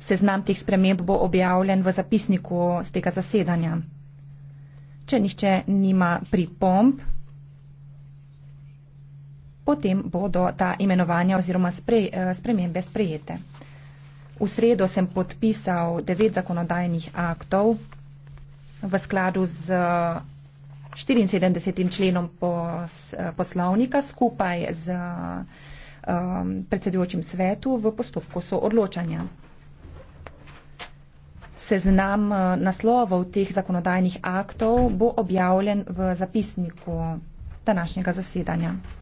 Seznam teh sprememb bo objavljen v zapisniku z tega zasedanja. Če nišče nima pripomb, potem bodo ta imenovanja oziroma eh, spremembe sprejete. V sredo sem podpisal devet zakonodajnih aktov v skladu z 74. členom eh, poslovnika skupaj z eh, predsedujočim svetu v postopku soodločanja seznam eh, naslovov teh zakonodajnih aktov bo objavljen v zapisniku današnjega zasedanja.